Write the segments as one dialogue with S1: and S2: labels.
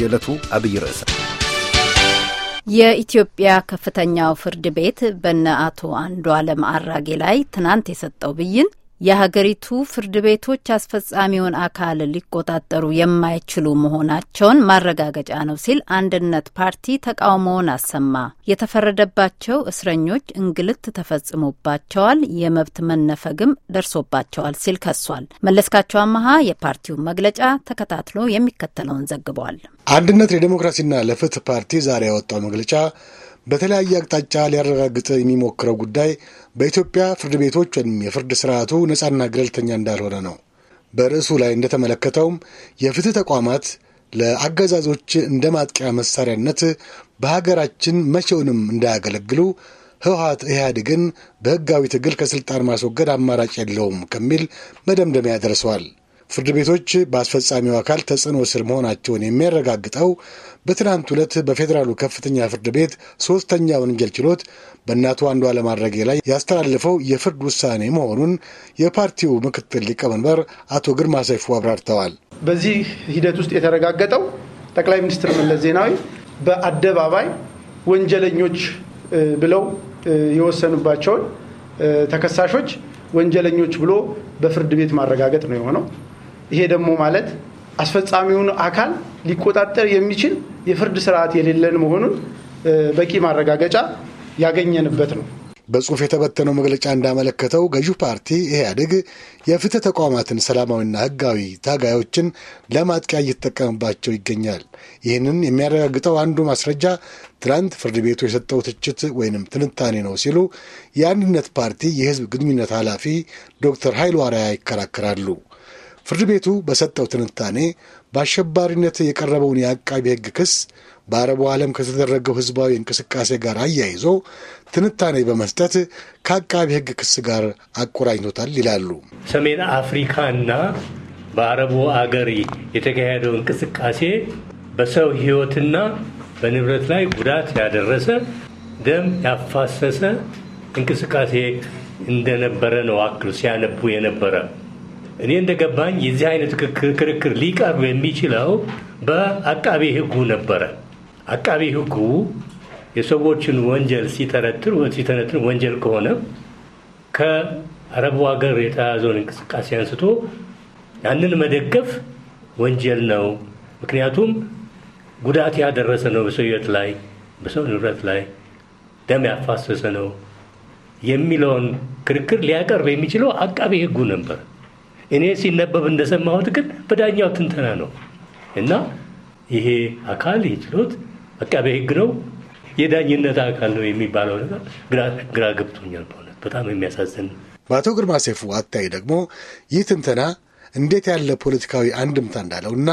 S1: የዕለቱ አብይ ርዕስ
S2: የኢትዮጵያ ከፍተኛው ፍርድ ቤት በነ አቶ አለም አራጌ ላይ ትናንት የሰጠው ብይን የሀገሪቱ ፍርድ ቤቶች አስፈጻሚውን አካል ሊቆጣጠሩ የማይችሉ መሆናቸውን ማረጋገጫ ነው ሲል አንድነት ፓርቲ ተቃውሞውን አሰማ። የተፈረደባቸው እስረኞች እንግልት ተፈጽሞባቸዋል፣ የመብት መነፈግም ደርሶባቸዋል ሲል ከሷል። መለስካቸው አመሃ የፓርቲውን መግለጫ ተከታትሎ የሚከተለውን ዘግቧል።
S3: አንድነት ለዲሞክራሲና ለፍትህ ፓርቲ ዛሬ ያወጣው መግለጫ በተለያየ አቅጣጫ ሊያረጋግጥ የሚሞክረው ጉዳይ በኢትዮጵያ ፍርድ ቤቶች ወይም የፍርድ ስርዓቱ ነጻና ገለልተኛ እንዳልሆነ ነው። በርዕሱ ላይ እንደተመለከተውም የፍትህ ተቋማት ለአገዛዞች እንደ ማጥቂያ መሳሪያነት በሀገራችን መቼውንም እንዳያገለግሉ ህወሀት ኢህአዴግን በህጋዊ ትግል ከስልጣን ማስወገድ አማራጭ የለውም ከሚል መደምደሚያ ደርሰዋል። ፍርድ ቤቶች በአስፈጻሚው አካል ተጽዕኖ ስር መሆናቸውን የሚያረጋግጠው በትናንት ዕለት በፌዴራሉ ከፍተኛ ፍርድ ቤት ሶስተኛ ወንጀል ችሎት በእናቱ አንዱዓለም አራጌ ላይ ያስተላለፈው የፍርድ ውሳኔ መሆኑን የፓርቲው ምክትል ሊቀመንበር አቶ ግርማ ሰይፉ አብራርተዋል።
S2: በዚህ ሂደት ውስጥ የተረጋገጠው ጠቅላይ ሚኒስትር መለስ ዜናዊ በአደባባይ ወንጀለኞች ብለው የወሰኑባቸውን ተከሳሾች ወንጀለኞች ብሎ በፍርድ ቤት ማረጋገጥ ነው የሆነው። ይሄ ደግሞ ማለት አስፈጻሚውን አካል ሊቆጣጠር የሚችል የፍርድ ስርዓት የሌለን መሆኑን በቂ ማረጋገጫ ያገኘንበት ነው።
S3: በጽሁፍ የተበተነው መግለጫ እንዳመለከተው ገዢው ፓርቲ ኢህአዴግ የፍትህ ተቋማትን ሰላማዊና ህጋዊ ታጋዮችን ለማጥቂያ እየተጠቀምባቸው ይገኛል። ይህንን የሚያረጋግጠው አንዱ ማስረጃ ትናንት ፍርድ ቤቱ የሰጠው ትችት ወይንም ትንታኔ ነው ሲሉ የአንድነት ፓርቲ የህዝብ ግንኙነት ኃላፊ ዶክተር ኃይሉ አርያ ይከራከራሉ። ፍርድ ቤቱ በሰጠው ትንታኔ በአሸባሪነት የቀረበውን የአቃቢ ሕግ ክስ በአረቡ ዓለም ከተደረገው ህዝባዊ እንቅስቃሴ ጋር አያይዞ ትንታኔ በመስጠት ከአቃቢ ሕግ ክስ ጋር አቆራኝቶታል ይላሉ።
S1: ሰሜን አፍሪካና በአረቡ አገር የተካሄደው እንቅስቃሴ በሰው ህይወትና በንብረት ላይ ጉዳት ያደረሰ ደም ያፋሰሰ እንቅስቃሴ እንደነበረ ነው አክል ሲያነቡ የነበረ እኔ እንደገባኝ የዚህ አይነት ክርክር ሊቀርብ የሚችለው በአቃቤ ሕጉ ነበረ። አቃቤ ሕጉ የሰዎችን ወንጀል ሲተረትር ሲተነትር ወንጀል ከሆነ ከአረቡ ሀገር የተያዘውን እንቅስቃሴ አንስቶ ያንን መደገፍ ወንጀል ነው። ምክንያቱም ጉዳት ያደረሰ ነው፣ በሰው ሕይወት ላይ በሰው ንብረት ላይ ደም ያፋሰሰ ነው የሚለውን ክርክር ሊያቀርብ የሚችለው አቃቤ ሕጉ ነበር። እኔ ሲነበብ እንደሰማሁት ግን በዳኛው ትንተና ነው እና ይሄ አካል ይህ ችሎት አቃቤ ሕግ ነው የዳኝነት አካል ነው የሚባለው ነገር ግራ ገብቶኛል። በእውነት በጣም የሚያሳዝን።
S3: በአቶ ግርማ ሴፉ አታይ ደግሞ ይህ ትንተና እንዴት ያለ ፖለቲካዊ አንድምታ እንዳለው እና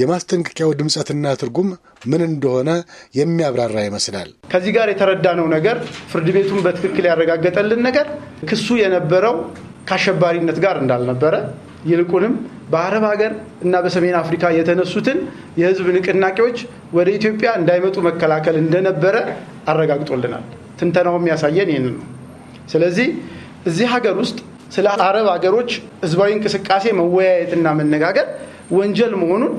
S3: የማስጠንቀቂያው ድምፀትና ትርጉም ምን እንደሆነ የሚያብራራ ይመስላል።
S2: ከዚህ ጋር የተረዳነው ነገር ፍርድ ቤቱን በትክክል ያረጋገጠልን ነገር ክሱ የነበረው ከአሸባሪነት ጋር እንዳልነበረ ይልቁንም በአረብ ሀገር እና በሰሜን አፍሪካ የተነሱትን የህዝብ ንቅናቄዎች ወደ ኢትዮጵያ እንዳይመጡ መከላከል እንደነበረ አረጋግጦልናል። ትንተናው የሚያሳየን ይህንን ነው። ስለዚህ እዚህ ሀገር ውስጥ ስለ አረብ ሀገሮች ህዝባዊ እንቅስቃሴ መወያየትና መነጋገር ወንጀል መሆኑን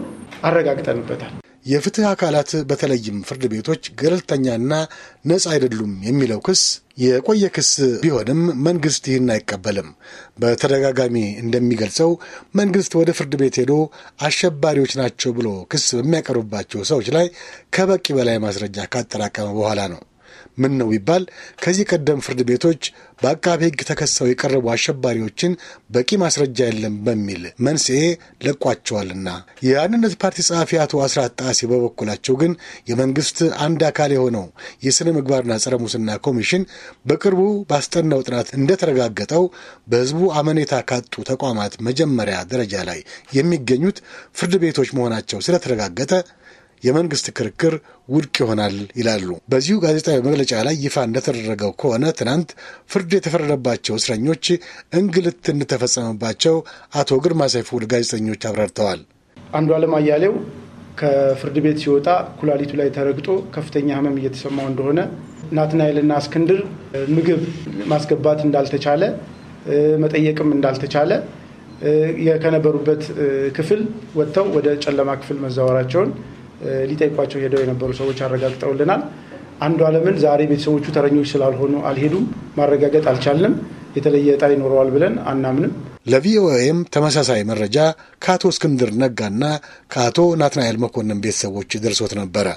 S2: አረጋግጠንበታል።
S3: የፍትህ አካላት በተለይም ፍርድ ቤቶች ገለልተኛና ነጻ አይደሉም የሚለው ክስ የቆየ ክስ ቢሆንም መንግስት ይህን አይቀበልም። በተደጋጋሚ እንደሚገልጸው መንግስት ወደ ፍርድ ቤት ሄዶ አሸባሪዎች ናቸው ብሎ ክስ በሚያቀርብባቸው ሰዎች ላይ ከበቂ በላይ ማስረጃ ካጠራቀመ በኋላ ነው። ምን ነው ቢባል ከዚህ ቀደም ፍርድ ቤቶች በአቃቤ ሕግ ተከሰው የቀረቡ አሸባሪዎችን በቂ ማስረጃ የለም በሚል መንስኤ ለቋቸዋልና። የአንድነት ፓርቲ ጸሐፊ አቶ አስራት ጣሴ በበኩላቸው ግን የመንግስት አንድ አካል የሆነው የሥነ ምግባርና ጸረ ሙስና ኮሚሽን በቅርቡ ባስጠናው ጥናት እንደተረጋገጠው በሕዝቡ አመኔታ ካጡ ተቋማት መጀመሪያ ደረጃ ላይ የሚገኙት ፍርድ ቤቶች መሆናቸው ስለተረጋገጠ የመንግስት ክርክር ውድቅ ይሆናል ይላሉ። በዚሁ ጋዜጣዊ መግለጫ ላይ ይፋ እንደተደረገው ከሆነ ትናንት ፍርድ የተፈረደባቸው እስረኞች እንግልት እንደተፈጸመባቸው አቶ ግርማ ሰይፉ ለጋዜጠኞች አብራርተዋል።
S2: አንዱ አለም አያሌው ከፍርድ ቤት ሲወጣ ኩላሊቱ ላይ ተረግጦ ከፍተኛ ህመም እየተሰማው እንደሆነ፣ ናትናኤልና እስክንድር ምግብ ማስገባት እንዳልተቻለ መጠየቅም እንዳልተቻለ ከነበሩበት ክፍል ወጥተው ወደ ጨለማ ክፍል መዛወራቸውን ሊጠይቋቸው ሄደው የነበሩ ሰዎች አረጋግጠውልናል። አንዱ አለምን ዛሬ ቤተሰቦቹ ተረኞች ስላልሆኑ አልሄዱም ማረጋገጥ አልቻልንም።
S3: የተለየ እጣ ይኖረዋል ብለን አናምንም። ለቪኦኤም ተመሳሳይ መረጃ ከአቶ እስክንድር ነጋና ከአቶ ናትናኤል መኮንን ቤተሰቦች ደርሶት ነበረ።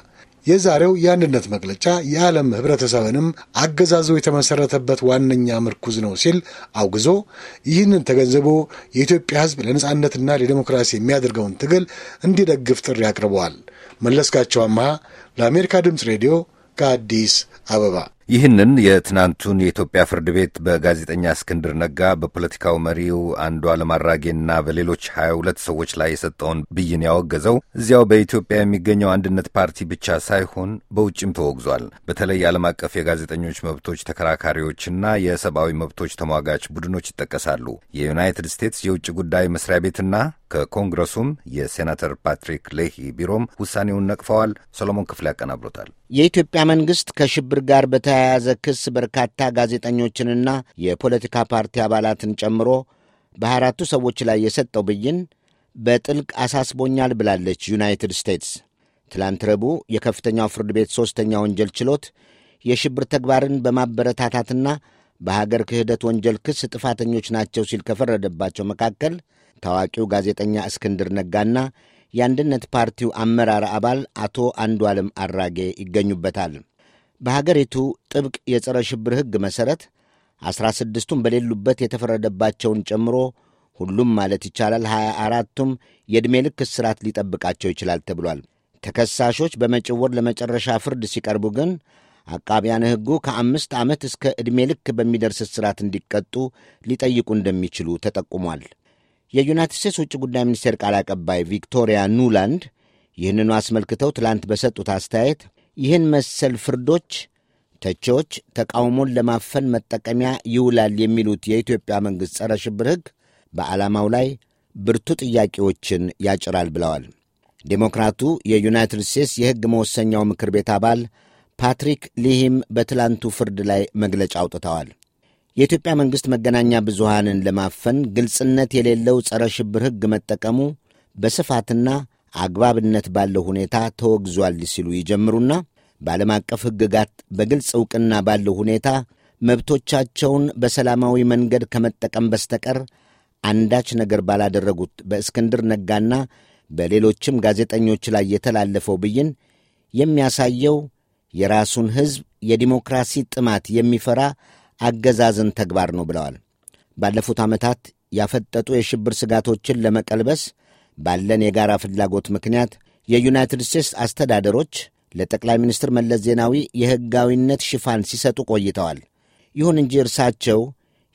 S3: የዛሬው የአንድነት መግለጫ የዓለም ህብረተሰብንም አገዛዙ የተመሰረተበት ዋነኛ ምርኩዝ ነው ሲል አውግዞ ይህንን ተገንዝቦ የኢትዮጵያ ህዝብ ለነጻነትና ለዲሞክራሲ የሚያደርገውን ትግል እንዲደግፍ ጥሪ አቅርበዋል። መለስካቸው አመሃ ለአሜሪካ ድምፅ
S1: ሬዲዮ ከአዲስ አበባ ይህንን የትናንቱን የኢትዮጵያ ፍርድ ቤት በጋዜጠኛ እስክንድር ነጋ በፖለቲካው መሪው አንዱዓለም አራጌና በሌሎች ሀያ ሁለት ሰዎች ላይ የሰጠውን ብይን ያወገዘው እዚያው በኢትዮጵያ የሚገኘው አንድነት ፓርቲ ብቻ ሳይሆን በውጭም ተወግዟል። በተለይ የዓለም አቀፍ የጋዜጠኞች መብቶች ተከራካሪዎችና የሰብአዊ መብቶች ተሟጋች ቡድኖች ይጠቀሳሉ። የዩናይትድ ስቴትስ የውጭ ጉዳይ መስሪያ ቤትና ከኮንግረሱም የሴናተር ፓትሪክ ሌሂ ቢሮም ውሳኔውን ነቅፈዋል። ሰሎሞን ክፍሌ ያቀናብሎታል።
S4: የኢትዮጵያ መንግሥት ከሽብር ጋር በተያያዘ ክስ በርካታ ጋዜጠኞችንና የፖለቲካ ፓርቲ አባላትን ጨምሮ በሃያ አራቱ ሰዎች ላይ የሰጠው ብይን በጥልቅ አሳስቦኛል ብላለች ዩናይትድ ስቴትስ። ትላንት ረቡዕ የከፍተኛው ፍርድ ቤት ሦስተኛ ወንጀል ችሎት የሽብር ተግባርን በማበረታታትና በሀገር ክህደት ወንጀል ክስ ጥፋተኞች ናቸው ሲል ከፈረደባቸው መካከል ታዋቂው ጋዜጠኛ እስክንድር ነጋና የአንድነት ፓርቲው አመራር አባል አቶ አንዱዓለም አራጌ ይገኙበታል። በሀገሪቱ ጥብቅ የጸረ ሽብር ሕግ መሠረት ዐሥራ ስድስቱም በሌሉበት የተፈረደባቸውን ጨምሮ ሁሉም ማለት ይቻላል ሀያ አራቱም የዕድሜ ልክ እስራት ሊጠብቃቸው ይችላል ተብሏል። ተከሳሾች በመጪው ወር ለመጨረሻ ፍርድ ሲቀርቡ ግን አቃቢያን ሕጉ ከአምስት ዓመት እስከ ዕድሜ ልክ በሚደርስ እስራት እንዲቀጡ ሊጠይቁ እንደሚችሉ ተጠቁሟል። የዩናይትድ ስቴትስ ውጭ ጉዳይ ሚኒስቴር ቃል አቀባይ ቪክቶሪያ ኑላንድ ይህንኑ አስመልክተው ትላንት በሰጡት አስተያየት ይህን መሰል ፍርዶች ተቺዎች ተቃውሞን ለማፈን መጠቀሚያ ይውላል የሚሉት የኢትዮጵያ መንግሥት ጸረ ሽብር ሕግ በዓላማው ላይ ብርቱ ጥያቄዎችን ያጭራል ብለዋል። ዴሞክራቱ የዩናይትድ ስቴትስ የሕግ መወሰኛው ምክር ቤት አባል ፓትሪክ ሊሂም በትላንቱ ፍርድ ላይ መግለጫ አውጥተዋል። የኢትዮጵያ መንግሥት መገናኛ ብዙሃንን ለማፈን ግልጽነት የሌለው ጸረ ሽብር ሕግ መጠቀሙ በስፋትና አግባብነት ባለው ሁኔታ ተወግዟል ሲሉ ይጀምሩና በዓለም አቀፍ ሕግጋት በግልጽ ዕውቅና ባለው ሁኔታ መብቶቻቸውን በሰላማዊ መንገድ ከመጠቀም በስተቀር አንዳች ነገር ባላደረጉት በእስክንድር ነጋና በሌሎችም ጋዜጠኞች ላይ የተላለፈው ብይን የሚያሳየው የራሱን ሕዝብ የዲሞክራሲ ጥማት የሚፈራ አገዛዝን ተግባር ነው ብለዋል። ባለፉት ዓመታት ያፈጠጡ የሽብር ስጋቶችን ለመቀልበስ ባለን የጋራ ፍላጎት ምክንያት የዩናይትድ ስቴትስ አስተዳደሮች ለጠቅላይ ሚኒስትር መለስ ዜናዊ የሕጋዊነት ሽፋን ሲሰጡ ቆይተዋል። ይሁን እንጂ እርሳቸው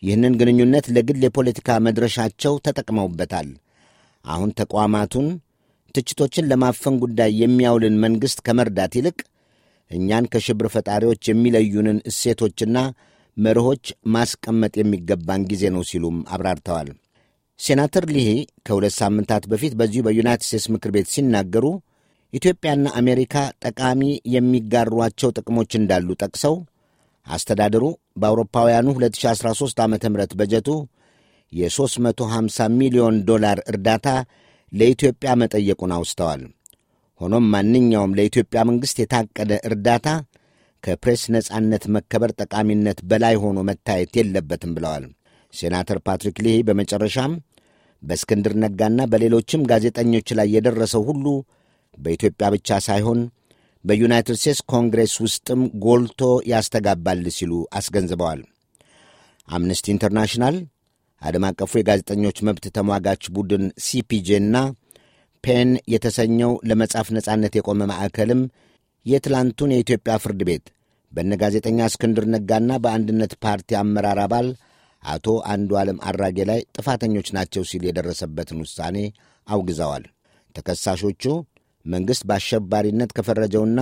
S4: ይህንን ግንኙነት ለግል የፖለቲካ መድረሻቸው ተጠቅመውበታል። አሁን ተቋማቱን ትችቶችን ለማፈን ጉዳይ የሚያውልን መንግሥት ከመርዳት ይልቅ እኛን ከሽብር ፈጣሪዎች የሚለዩንን እሴቶችና መርሆች ማስቀመጥ የሚገባን ጊዜ ነው ሲሉም አብራርተዋል። ሴናተር ሊሂ ከሁለት ሳምንታት በፊት በዚሁ በዩናይትድ ስቴትስ ምክር ቤት ሲናገሩ ኢትዮጵያና አሜሪካ ጠቃሚ የሚጋሯቸው ጥቅሞች እንዳሉ ጠቅሰው አስተዳደሩ በአውሮፓውያኑ 2013 ዓ ም በጀቱ የ350 ሚሊዮን ዶላር እርዳታ ለኢትዮጵያ መጠየቁን አውስተዋል። ሆኖም ማንኛውም ለኢትዮጵያ መንግሥት የታቀደ እርዳታ ከፕሬስ ነጻነት መከበር ጠቃሚነት በላይ ሆኖ መታየት የለበትም ብለዋል። ሴናተር ፓትሪክ ሊሂ በመጨረሻም በእስክንድር ነጋና በሌሎችም ጋዜጠኞች ላይ የደረሰው ሁሉ በኢትዮጵያ ብቻ ሳይሆን በዩናይትድ ስቴትስ ኮንግሬስ ውስጥም ጎልቶ ያስተጋባል ሲሉ አስገንዝበዋል። አምነስቲ ኢንተርናሽናል፣ ዓለም አቀፉ የጋዜጠኞች መብት ተሟጋች ቡድን ሲፒጄ እና ፔን የተሰኘው ለመጻፍ ነጻነት የቆመ ማዕከልም የትላንቱን የኢትዮጵያ ፍርድ ቤት በነ ጋዜጠኛ እስክንድር ነጋና በአንድነት ፓርቲ አመራር አባል አቶ አንዱ ዓለም አራጌ ላይ ጥፋተኞች ናቸው ሲል የደረሰበትን ውሳኔ አውግዘዋል። ተከሳሾቹ መንግሥት በአሸባሪነት ከፈረጀውና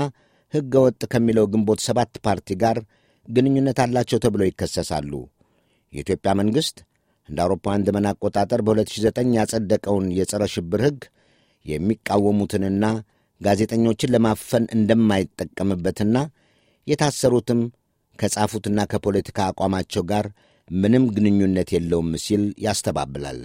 S4: ሕገ ወጥ ከሚለው ግንቦት ሰባት ፓርቲ ጋር ግንኙነት አላቸው ተብለው ይከሰሳሉ። የኢትዮጵያ መንግሥት እንደ አውሮፓውያን ዘመን አቆጣጠር በ2009 ያጸደቀውን የጸረ ሽብር ሕግ የሚቃወሙትንና ጋዜጠኞችን ለማፈን እንደማይጠቀምበትና የታሰሩትም ከጻፉትና ከፖለቲካ አቋማቸው ጋር ምንም ግንኙነት የለውም ሲል ያስተባብላል።